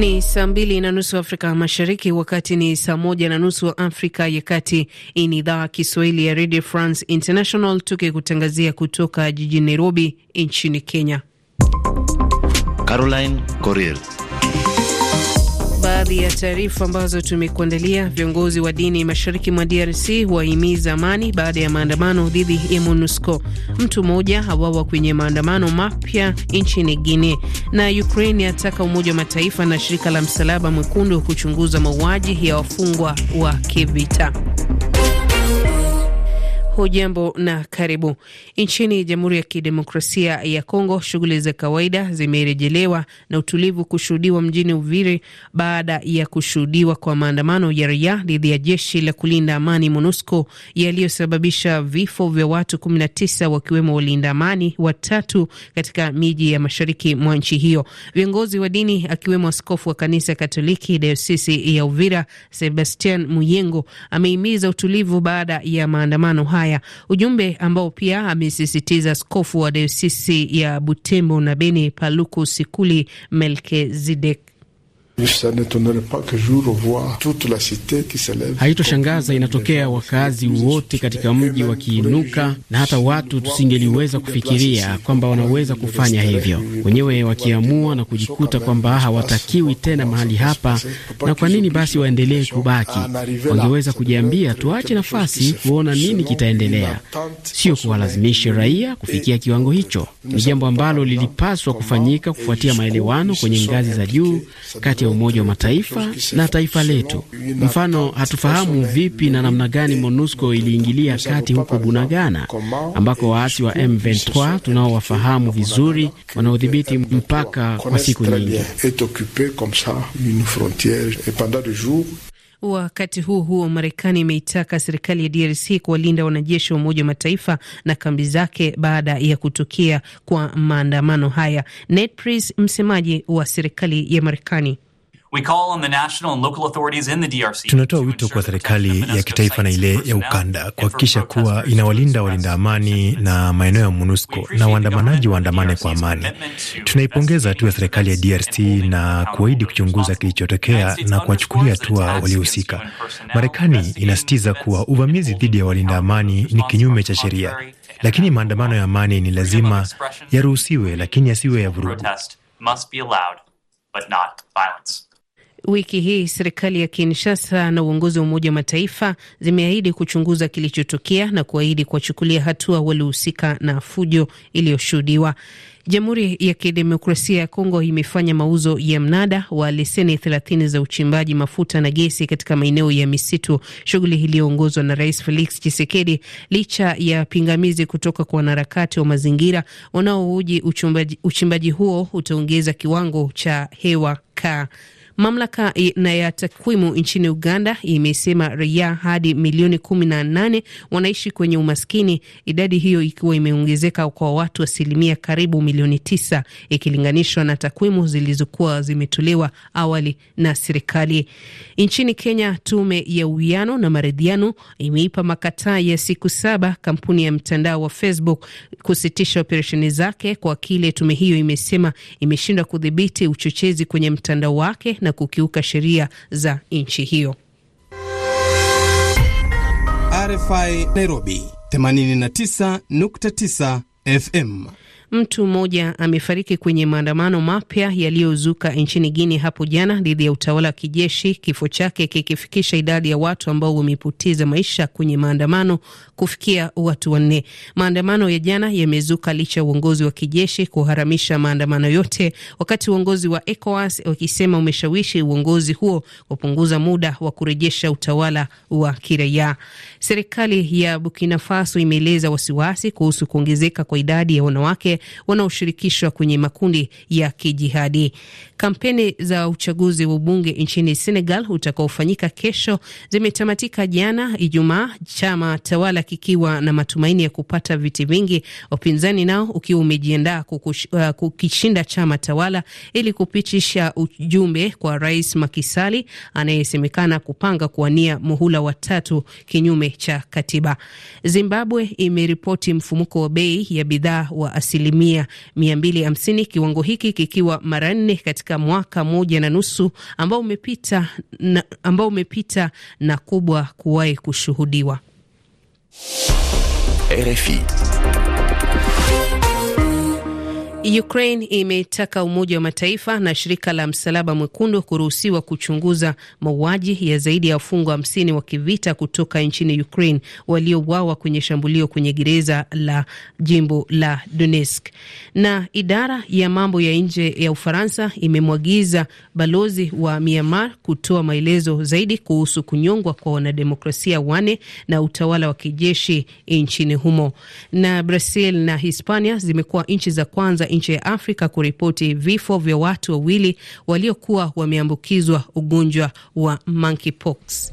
Ni saa mbili na nusu Afrika Mashariki, wakati ni saa moja na nusu Afrika ya Kati. Hii ni idhaa Kiswahili ya Radio France International, tukikutangazia kutoka jijini Nairobi nchini Kenya. Caroline Coril baadhi ya taarifa ambazo tumekuandalia. Viongozi wa dini mashariki mwa DRC wahimiza amani baada ya maandamano dhidi ya MONUSCO. Mtu mmoja awawa kwenye maandamano mapya nchini Guinea, na Ukraine ataka Umoja wa Mataifa na shirika la Msalaba Mwekundu kuchunguza mauaji ya wafungwa wa kivita. Hujambo na karibu. Nchini Jamhuri ya Kidemokrasia ya Kongo, shughuli za kawaida zimerejelewa na utulivu kushuhudiwa mjini Uviri baada ya kushuhudiwa kwa maandamano ya raia dhidi ya jeshi la kulinda amani MONUSCO yaliyosababisha vifo vya watu 19 wakiwemo walinda amani watatu katika miji ya mashariki mwa nchi hiyo. Viongozi wa dini akiwemo askofu wa kanisa Katoliki dayosisi ya Uvira Sebastian Muyengo amehimiza utulivu baada ya maandamano haya Ulaya, ujumbe ambao pia amesisitiza skofu wa dayosisi ya Butembo na Beni Paluku Sikuli Melkizedek Haitoshangaza, inatokea wakazi wote katika mji wakiinuka, na hata watu tusingeliweza kufikiria kwamba wanaweza kufanya hivyo wenyewe, wakiamua na kujikuta kwamba hawatakiwi tena mahali hapa, na kwa nini basi waendelee kubaki? Wangeweza kujiambia tuache nafasi kuona nini kitaendelea, sio kuwalazimisha raia kufikia kiwango hicho. Ni jambo ambalo lilipaswa kufanyika kufuatia maelewano kwenye ngazi za juu kati ya la Umoja wa Mataifa na taifa letu. Mfano, hatufahamu vipi na namna gani MONUSCO iliingilia kati huko Bunagana, ambako waasi wa M23 tunaowafahamu vizuri wanaodhibiti mpaka kwa siku nyingi. Wakati huo huo, Marekani imeitaka serikali ya DRC kuwalinda wanajeshi wa Umoja wa Mataifa na kambi zake baada ya kutokea kwa maandamano haya. Ned Price, msemaji wa serikali ya Marekani. Tunatoa wito kwa serikali ya kitaifa na ile ya ukanda kuhakikisha kuwa inawalinda walinda amani na maeneo ya MONUSCO na waandamanaji waandamane kwa amani. Tunaipongeza hatua ya serikali ya DRC na kuahidi kuchunguza kilichotokea na kuwachukulia hatua waliohusika. Marekani inasisitiza kuwa uvamizi dhidi ya walinda amani ni kinyume cha sheria, lakini maandamano ya amani ni lazima yaruhusiwe, lakini yasiwe ya vurugu. Wiki hii serikali ya Kinshasa na uongozi wa Umoja wa Mataifa zimeahidi kuchunguza kilichotokea na kuahidi kuwachukulia hatua waliohusika na fujo iliyoshuhudiwa. Jamhuri ya Kidemokrasia ya Kongo imefanya mauzo ya mnada wa leseni 30 za uchimbaji mafuta na gesi katika maeneo ya misitu, shughuli iliyoongozwa na Rais Felix Tshisekedi licha ya pingamizi kutoka kwa wanaharakati wa mazingira wanaohoji uchimbaji huo utaongeza kiwango cha hewa kaa. Mamlaka na ya takwimu nchini Uganda imesema raia hadi milioni kumi na nane wanaishi kwenye umaskini, idadi hiyo ikiwa imeongezeka kwa watu asilimia karibu milioni tisa ikilinganishwa na takwimu zilizokuwa zimetolewa awali na serikali. Nchini Kenya, tume ya uwiano na maridhiano imeipa makataa ya siku saba kampuni ya mtandao wa Facebook kusitisha operesheni zake kwa kile tume hiyo imesema imeshindwa kudhibiti uchochezi kwenye mtandao wake na na kukiuka sheria za nchi hiyo. RFI Nairobi 89.9 FM. Mtu mmoja amefariki kwenye maandamano mapya yaliyozuka nchini Guini hapo jana dhidi ya utawala wa kijeshi, kifo chake kikifikisha idadi ya watu ambao wamepoteza maisha kwenye maandamano kufikia watu wanne. Maandamano ya jana yamezuka licha ya uongozi wa kijeshi kuharamisha maandamano yote, wakati uongozi wa ECOWAS wakisema umeshawishi uongozi huo kupunguza muda wa kurejesha utawala wa kiraia. Serikali ya Burkina Faso imeeleza wasiwasi kuhusu kuongezeka kwa idadi ya wanawake wanaoshirikishwa kwenye makundi ya kijihadi. Kampeni za uchaguzi wa ubunge nchini Senegal utakaofanyika kesho zimetamatika jana Ijumaa, chama tawala kikiwa na matumaini ya kupata viti vingi, upinzani nao ukiwa umejiandaa uh, kukishinda chama tawala ili kupitisha ujumbe kwa Rais Macky Sall anayesemekana kupanga kuwania muhula wa tatu kinyume cha katiba. Zimbabwe imeripoti mfumuko wa bei ya bidhaa wa asili asilimia 250, kiwango hiki kikiwa mara nne katika mwaka moja na nusu ambao umepita na, ambao umepita na kubwa kuwahi kushuhudiwa. RFI. Ukraine imetaka Umoja wa Mataifa na shirika la Msalaba Mwekundu kuruhusiwa kuchunguza mauaji ya zaidi ya wafungwa hamsini wa kivita kutoka nchini Ukraine waliouawa kwenye shambulio kwenye gereza la jimbo la Donetsk. Na idara ya mambo ya nje ya Ufaransa imemwagiza balozi wa Myanmar kutoa maelezo zaidi kuhusu kunyongwa kwa wanademokrasia wane na utawala wa kijeshi nchini humo. Na Brazil na Hispania zimekuwa nchi za kwanza nchi ya Afrika kuripoti vifo vya watu wawili waliokuwa wameambukizwa ugonjwa wa monkeypox.